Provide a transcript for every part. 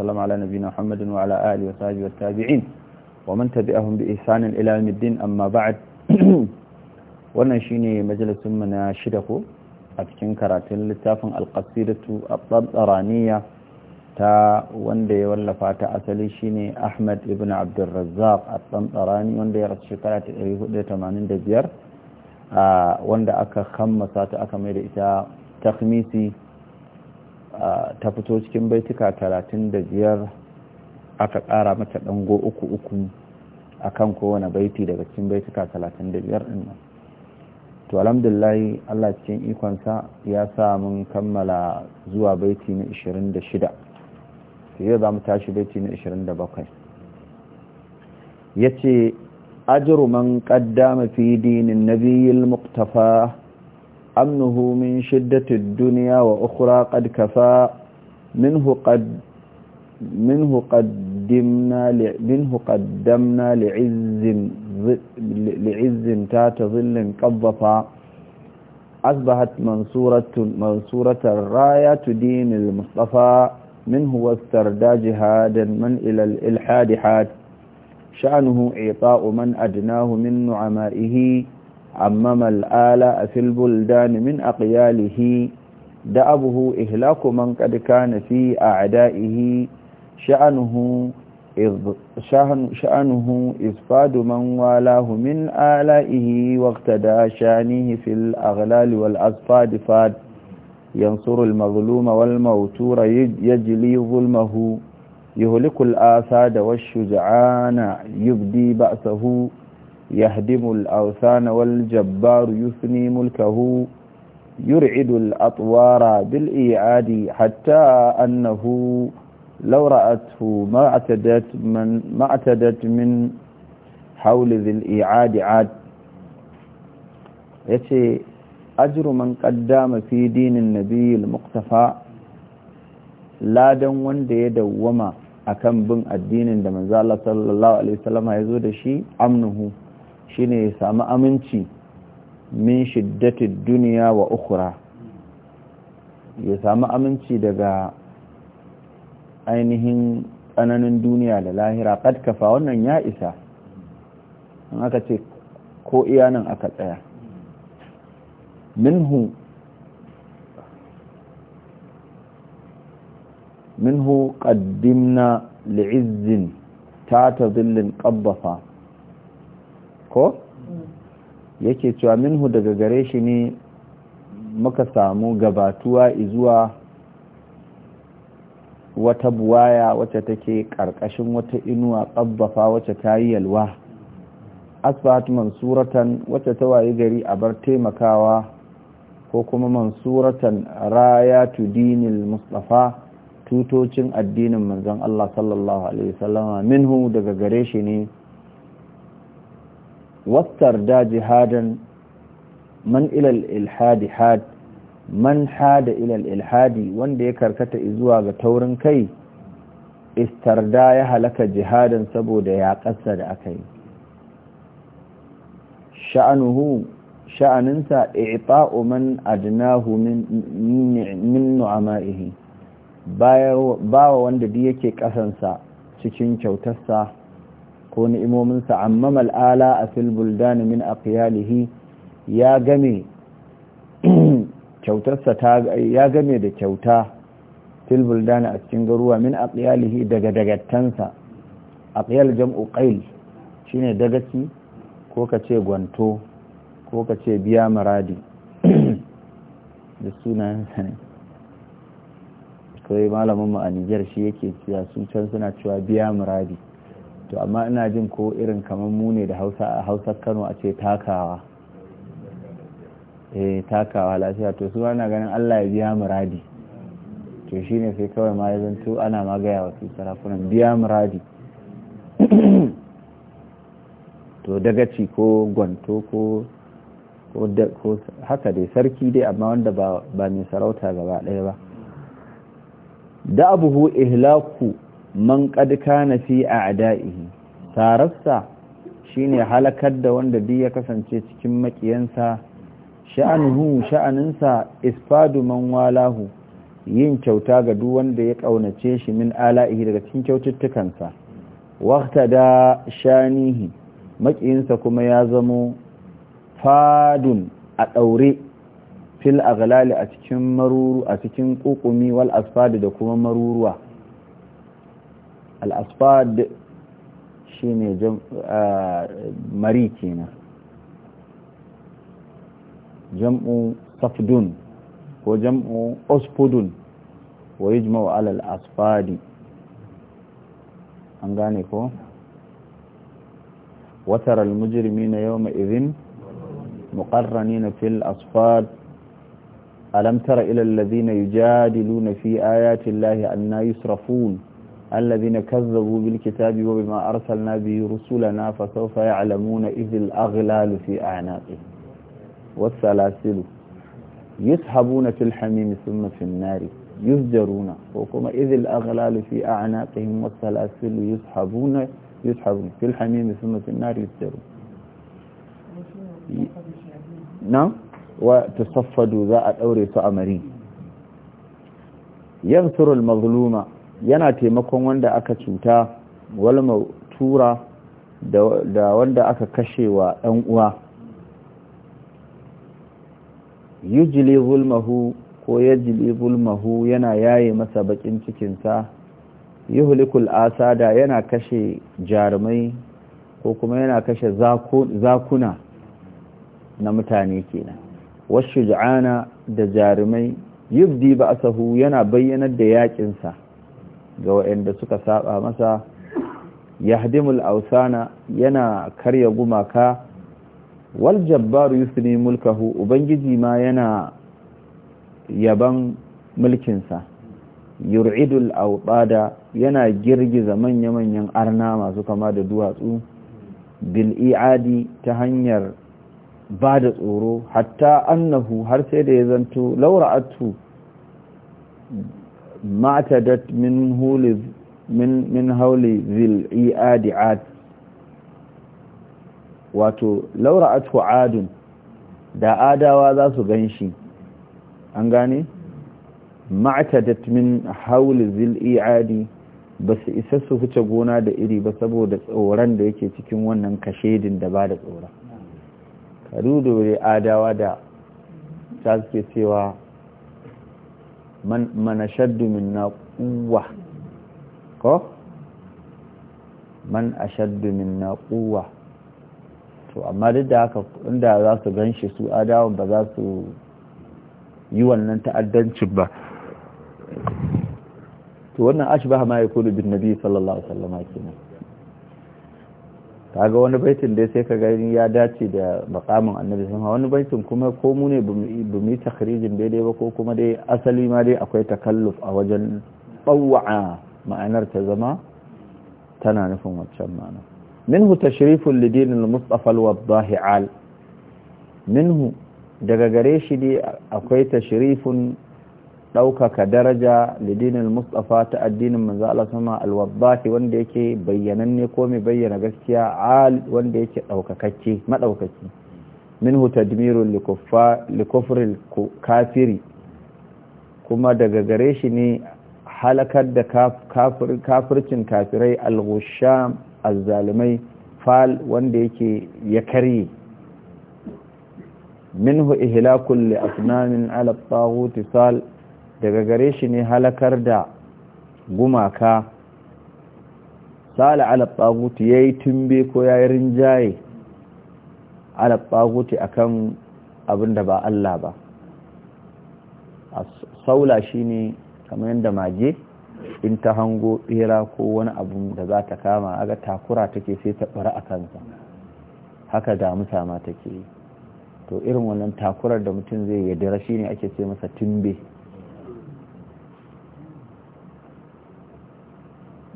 وسلم على نبينا محمد وعلى آله وصحبه والتابعين ومن تبعهم بإحسان إلى يوم الدين أما بعد wannan shine majalisun mu na shida ko a cikin karatun littafin alqasidatu at-tabaraniya ta wanda ya wallafa ta asali shine Ahmad ibn Abdul Razzaq at-Tabarani wanda ya rasu shekara ta a wanda aka kammasa ta aka mai da ita takhmisi ta fito cikin baituka talatin da biyar aka ƙara mata ɗango uku uku a kan kowane baiti daga cikin baituka talatin da biyar ɗin nan to alhamdulillah allah cikin ikonsa ya sa mun kammala zuwa baiti na ishirin da shida yau za mu tashi baiti na ishirin da bakwai ya ce ajiru man ƙaddama fi dinin nabiyil muktafa أمنه من شدة الدنيا وأخرى قد كفى منه قد منه قدمنا منه قدمنا لعز لعز تات ظل قضفا أصبحت منصورة منصورة الراية دين المصطفى منه واستردى جهادا من إلى الإلحاد حاد شأنه إعطاء من أدناه من نعمائه عمم الآلاء في البلدان من أقياله دأبه إهلاك من قد كان في أعدائه شأنه إذ شأن شأنه إسفاد من والاه من آلائه واقتدى شانه في الأغلال والأصفاد فاد ينصر المظلوم والموتور يجلي ظلمه يهلك الآساد والشجعان يبدي بأسه يهدم الأوثان والجبار يثني ملكه يرعد الأطوار بالإيعاد حتى أنه لو رأته ما اعتدت من, ما اعتدت من حول ذي الإيعاد عاد يتي أجر من قدام في دين النبي المقتفى لا دون وند يدوما وما أكم بن الدين manzo صلى الله عليه وسلم ya يزود شيء أمنه shine ya samu aminci min shiddatid duniya wa ukhra ya samu aminci daga ainihin tsananin duniya da lahira kad kafa wannan ya isa an aka ce ko iyanan aka tsaya minhu minhu qaddimna li'izzin ta ta zillin qabbafa ko yake cewa minhu daga gare shi ne muka samu gabatuwa izuwa wata buwaya wacce take ƙarƙashin wata inuwa tsabbafa wacce ta yi yalwa asfahat mansuratan wacce ta waye gari a bar taimakawa ko kuma mansuratan raya tu dinil mustafa tutocin addinin manzon Allah sallallahu alaihi wasallama minhu daga gare shi ne da jihadan man ilal ilhadi had man hada ilal ilhadi wanda ya karkata zuwa ga taurin kai istarda ya halaka jihadan saboda ya ƙasa da aka yi sha'anuhu sha'aninsa man adnahu min nu'ama'ihi bawa wanda duk yake ƙasansa cikin kyautarsa ko ni'imominsa amma mal'ala a filbuldan min aqyalihi ya game kyautarsa ta ya game da kyauta dani a cikin garuwa min aqyalihi daga dagattansa aqyal jam'u shi shine dagaci ko kace gwanto ko kace biya maradi da sunan sanin kawai malamin ma'anijar a shi yake cewa sun can suna cewa biya muradi to amma ina jin ko irin kamar mu ne da hausa kano a ce takawa eh takawa lafiya to su ana ganin allah ya biya muradi to ne sai kawai ma ya zanto ana magaya wasu sarakunan biya muradi to dagaci ko gwanto ko haka dai sarki dai amma wanda ba mai sarauta gaba ɗaya ba da abuhu ihlaku man qad kana fi a'da'ihi tarassa shine halakar da wanda duk ya kasance cikin makiyansa sha'anuhu sha'aninsa isfadu man walahu yin kyauta ga duk wanda ya kaunace shi min ala'ihi daga cikin kyaututtukansa waqta da shanihi makiyinsa kuma ya zamo fadun a daure fil aghlali a cikin maruru a cikin kukumi wal asfadu da kuma maruruwa الأصفاد شيني جم... آه، مريتينا جمع صفدون وجمع أصفدون ويجمع على الأصفاد أنغانيكو وترى المجرمين يومئذ مقرنين في الأصفاد ألم تر إلى الذين يجادلون في آيات الله أن يسرفون الذين كذبوا بالكتاب وبما أرسلنا به رسلنا فسوف يعلمون إذ الأغلال في أعناقهم والسلاسل يسحبون في الحميم ثم في النار يزجرون وكما إذ الأغلال في أعناقهم والسلاسل يسحبون يسحبون في الحميم ثم في النار يزجرون نعم وتصفدوا ذا الأوري سأمرين يغفر المظلومة yana taimakon wanda aka cuta walma tura da wanda aka kashe wa ɗan uwa yujili zulmahu ko yajili zulmahu yana yaye masa bakin cikinsa yuhlikul asada yana kashe jarumai ko kuma yana kashe zakuna na mutane kenan wasu da jarumai yubdi ba asahu yana bayyanar da yaƙinsa ga waɗanda suka saba masa yahdimul ausana yana karya gumaka wal jabbaru yusni mulkahu ubangiji ma yana yaban mulkinsa yur'idul awbada yana girgiza manya-manyan arna masu kama da duwatsu bil i'adi ta hanyar bada tsoro hatta annahu har sai da ya zanto laura'atu ma'tadat min huli min min hauli zil iadiat wato laura atu adun da adawa za su ganshi an gane ma'tadat min hauli zil iadi ba su isa su huce gona da iri ba saboda tsoron da yake cikin wannan kashedin da ba da tsoron karu da adawa da ta suke cewa man man ashaddu minna quwwa ko man ashaddu minna quwwa to amma duk da haka inda za su ganshi su adawan ba za su yi wannan ta'addancin ba to wannan ashbaha ma yakunu bin nabi sallallahu alaihi wasallam kenan kaga wani baitin dai sai ka gani ya dace da makamin annabi sun wani baitin kuma ko mu ne bumi takhrijin daidai ba ko kuma dai asali ma dai akwai takalluf a wajen ɓawa'a ma'anar ta zama tana nufin wancan ma'ana minhu tashrifun lidin al-mustafa al-wadahi al minhu daga gare shi dai akwai tashrifun ɗaukaka daraja lidinin mustafa ta addinin manzo Allah sama alwabbati wanda yake bayyananne ko mai bayyana gaskiya al wanda yake ɗaukakacce maɗaukaki minhu tadmirun likufril kafiri kuma daga gare shi ne halakar da kafircin kafirai al-ghusham fal wanda yake ya karye minhu ihlakul li asnamin ala at sal daga gare shi ne halakar da gumaka sala alaɓaguti ya yi tumbe ko ya yi rinjaye alaɓaguti a kan abin da ba Allah ba a saula shi ne kamar yadda mage in ta hango ɓera ko wani abu da za ta kama aga takura take sai ta ɓara a kansa haka da ma take yi to irin wannan takurar da mutum zai yadda shi ne ake ce masa tumbe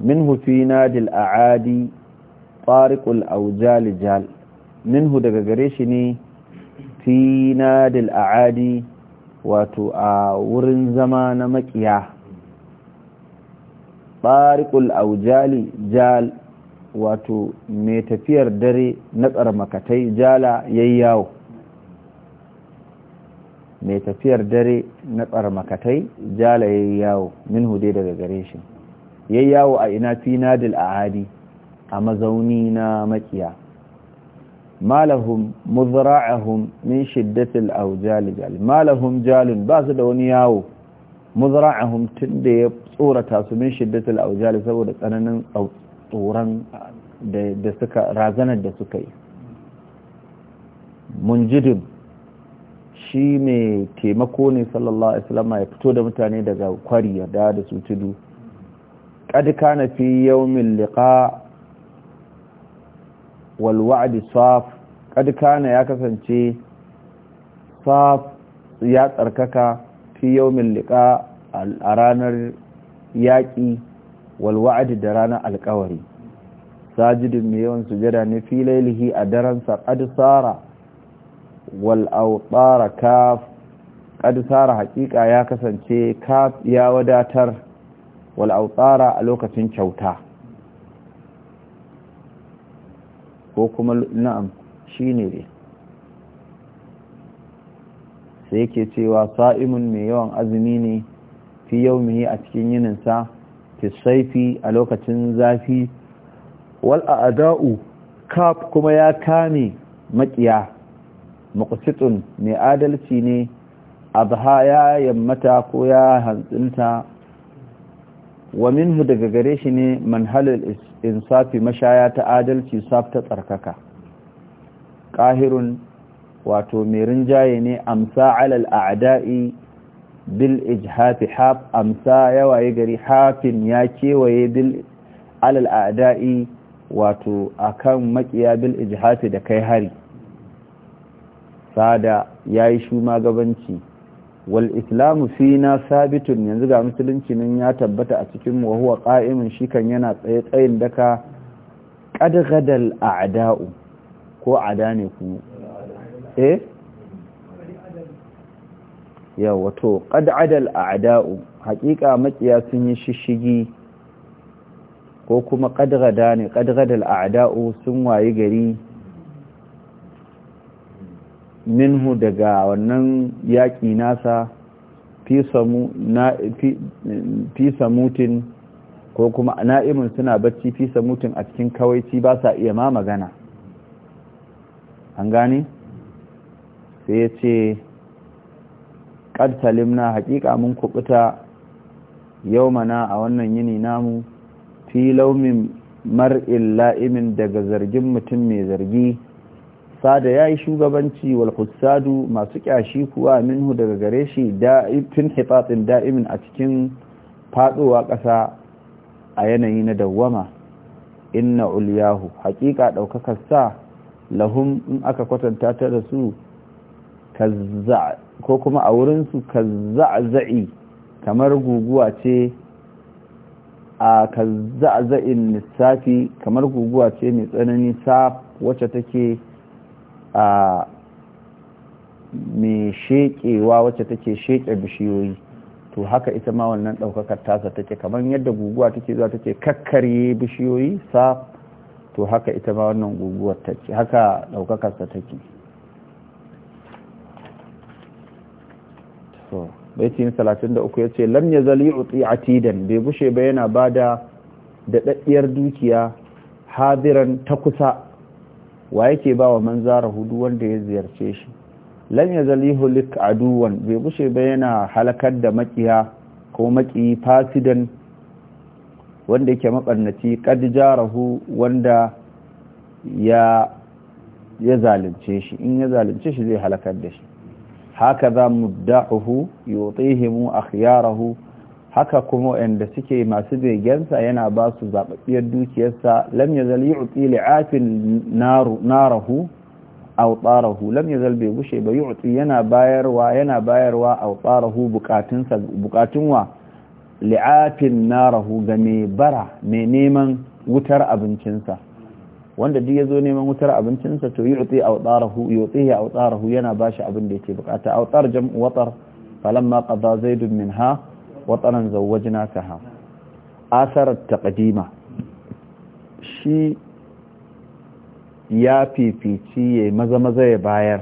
minhu fi nadil الأعادي طارق الأوجال jal منه daga قريشني في ne الأعادي nadil a'adi wato a wurin zama na makiya tariqul aujali jal wato mai tafiyar dare na tsarmakatai jala yayyawo mai tafiyar dare na tsarmakatai jala minhu dai daga yayi yawo a ina fi nadil ahadi a mazauni na makiya malahum muzra'ahum min shiddatil awjal jal malahum jalun ba su da wani yawo muzra'ahum tunda ya tsorata su min shiddatil awjal saboda tsananin tsoron da suka razanar da suka yi munjidin shi mai taimako ne sallallahu alaihi wasallam ya fito da mutane daga kwari ya da da su tudu قد كان في يوم اللقاء والوعد صاف قد كان يا كسانتي صاف يا تركك في يوم اللقاء الأرانر ياقي والوعد درانا القوري ساجد ميون سجدا في ليله أدران قد صار والاوطار كاف قد صار حقيقه يا كسانتي كاف يا وداتر wal autara a lokacin kyauta ko kuma na'am shine ne sai yake cewa sa'imun mai yawan azumi ne fi mai a cikin yininsa fi saifi a lokacin zafi wal a'da'u kaf kuma ya kame makiya makusitun mai adalci ne abha ya yammata ko ya hantsinta wa minhu daga gare shi ne manhalar insafi mashaya ta adalci saf tsarkaka ƙahirun wato mai rinjaye ne amsa alal a'da'i bil ijhafi haf amsa yawaye gari hafin ya kewaye bil alal a'da'i wato akan makiya bil ijhafi da kai hari sada yayi shuma gabanci wal islamu fina sabitun yanzu ga musulunci nan ya tabbata a cikin wa huwa shi kan yana tsaye tsayin daka qad a a'da'u ko ada ku eh ya wato qad adal a'da'u haqiqa maƙiya sun yi shishigi ko kuma qad ne qad a'da'u sun wayi gari minhu daga wannan yaƙi nasa fi samutin ko kuma na'imin suna bacci fisa samutin a cikin kawaici ba sa iya ma magana an gani sai ya ce ƙad na haƙiƙa mun kubuta yau mana a wannan yini namu fi laumin mar'in la'imin daga zargin mutum mai zargi sada yi shugabanci wal masu kyashi kuwa minhu daga gare shi tun hifatsin da'imin a cikin fadowa ƙasa a yanayi na dawwama inna ulyahu haƙiƙa ɗaukakar sa lahum in aka kwatanta ta da su ko kuma a wurinsu kazza'za'i kamar guguwa ce a ka kazza'za'in lissafi kamar guguwa ce mai tsanani sa wacce take a mai shekewa wacce take sheke bishiyoyi to haka ita ma wannan daukakar tasa take kamar yadda guguwa take zuwa take kakkarye bishiyoyi sa to haka ita ma wannan guguwar take haka ɗaukakarsa take so baitin 33 ya ce lam yazali zali atidan bai gushe ba yana ba da dadiyar dukiya hadiran ta kusa wa yake ba wa man hudu wanda ya ziyarce shi lan ya zali hulik aduwan bai bushe ba yana halakar da makiya ko makiyi fasidan wanda yake mabarnaci kad jarahu wanda ya ya zalunce shi in ya zalunce shi zai halakar da shi haka za mudda'uhu yutihimu akhyarahu haka kuma wanda suke masu begensa yana ba su zaɓaɓɓiyar dukiyarsa lam ya zal yu'ti li'afin narahu aw tarahu lam ya zal bai gushe ba yu'ti yana bayarwa yana bayarwa aw tarahu bukatunsa bukatunwa li'afin narahu ga me bara mai neman wutar abincinsa wanda duk yazo neman wutar abincinsa to yu'ti aw tarahu yu'tihi aw tarahu yana ba shi abin da yake bukata aw tar jam'u watar falamma qada zaidun minha watanan zawajina ka ha asarar taƙadima shi ya fifici ya maza-maza ya bayar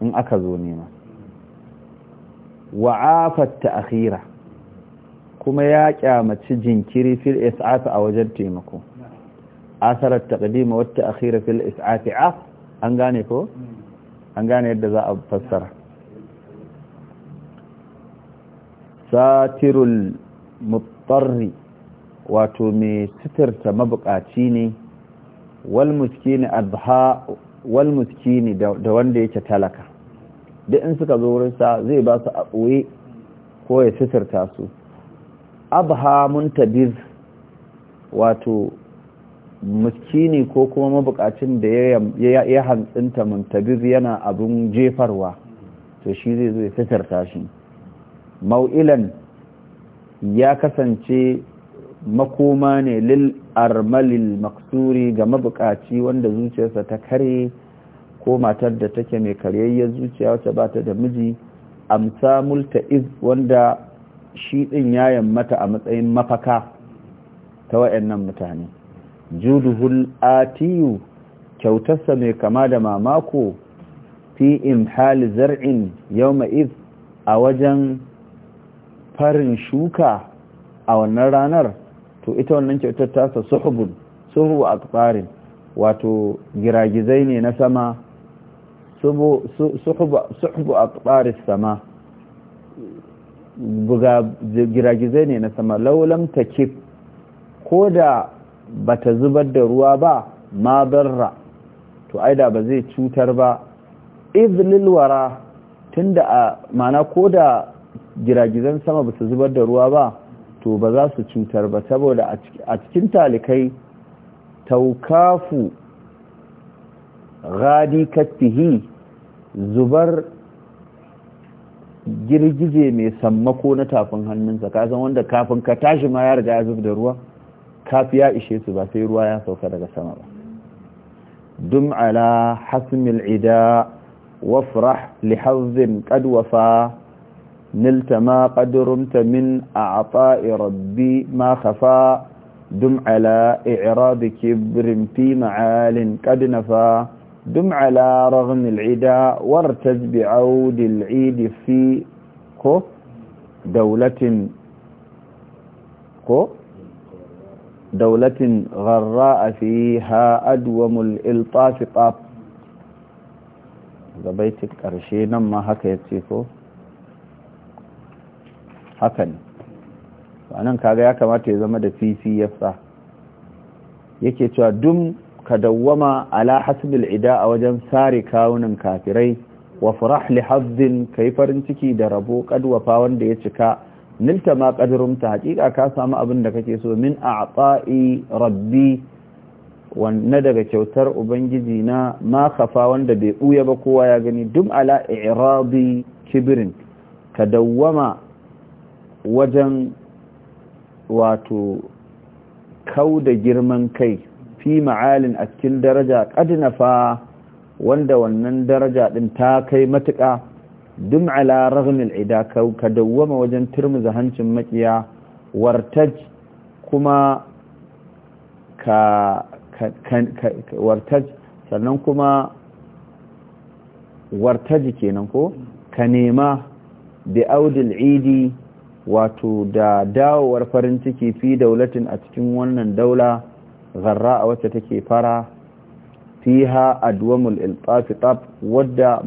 in aka zo nema ta ta'khira kuma ya kyamaci jinkiri fil is'af a wajen taimako asarar taqdima wat ta'khira fil is'af an gane ko an gane yadda za a fassara satirul muttarri wato mai sitirta mabukaci ne wal muskini adha da wanda yake talaka duk in suka zo wurin sa zai ba su a ɓoye ko ya sitirta su abha muntabir wato muskini ko kuma mabukacin da ya hantsinta muntabir yana abun jefarwa to shi zai zo ya sitirta shi mau'ilan ya kasance makoma ne lil armalil maksuri ga mabukaci wanda zuciyarsa ta kare ko matar da take mai karyayyar zuciya wacce ba ta da miji amsa multa iz wanda shi din ya yammata a matsayin mafaka ta wayannan mutane juduhul atiyu kyautarsa mai kama da mamako fi in imhal zar'in yau iz a wajen farin shuka a wannan ranar to ita wannan kyautar tasa suhubun suhubu a tsarin wato giragizai ne na sama suhubu a tsarin sama giragizai ne na sama laulam ta kif ko da ba ta zubar da ruwa ba ma barra to aida ba zai cutar ba izlilwara tunda a mana ko da giragizan sama ba su zubar da ruwa ba to ba za su cutar ba saboda a cikin talikai taukafu gadi kattihi zubar girgije mai sammako na tafin hannunsa kasan wanda kafin ka tashi ma ya riga ya zub da ruwa kafi ya ishe su ba sai ruwa ya sauka daga sama ba dum ala hasmil ida wafrah li hazzin qad wafa نلت ما قد رمت من أعطاء ربي ما خفى دم على إعراض كبر في معال قد نفى دم على رغم العدا وارتز بعود العيد في كو دولة كو دولة غراء فيها أدوم الإلطاف قاب بيتك أرشينا ما هكا يتيكو haka ne nan kaga ya kamata ya zama da fifi ya sa yake cewa dum ka dawwama ala hasbil ida a wajen sare kawunan kafirai wa farah li hazzin kai farin ciki da rabo kadwafa wanda ya cika nilta ma ta hakika ka samu abin da kake so min a'ta'i rabbi wanne daga kyautar ubangiji na ma kafa wanda bai buya ba kowa ya gani dum ala i'rabi kibrin ka dawwama wajen wato kau da girman kai fi ma'alin a cikin daraja ƙadinafa wanda wannan daraja ɗin ta kai matuƙa dum ala raghnil ida ka dawwama wajen turmuza hancin makiya wartaj kuma ka wartaj sannan kuma wartaji kenan ko ka nema bi audul idi wato da dawowar farin ciki fi daulatin a cikin wannan daula zarra a wacce take fara fiha adwamul iltafitab wadda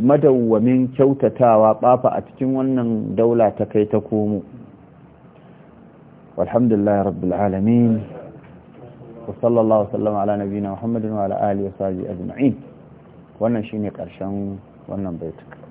madawwamin kyautatawa bafa a cikin wannan daula ta kai ta komo walhamdulillah rabbil alamin wa sallallahu sallama ala nabiyina muhammadin wa ala alihi wa sahbihi ajma'in wannan shine karshen wannan baituka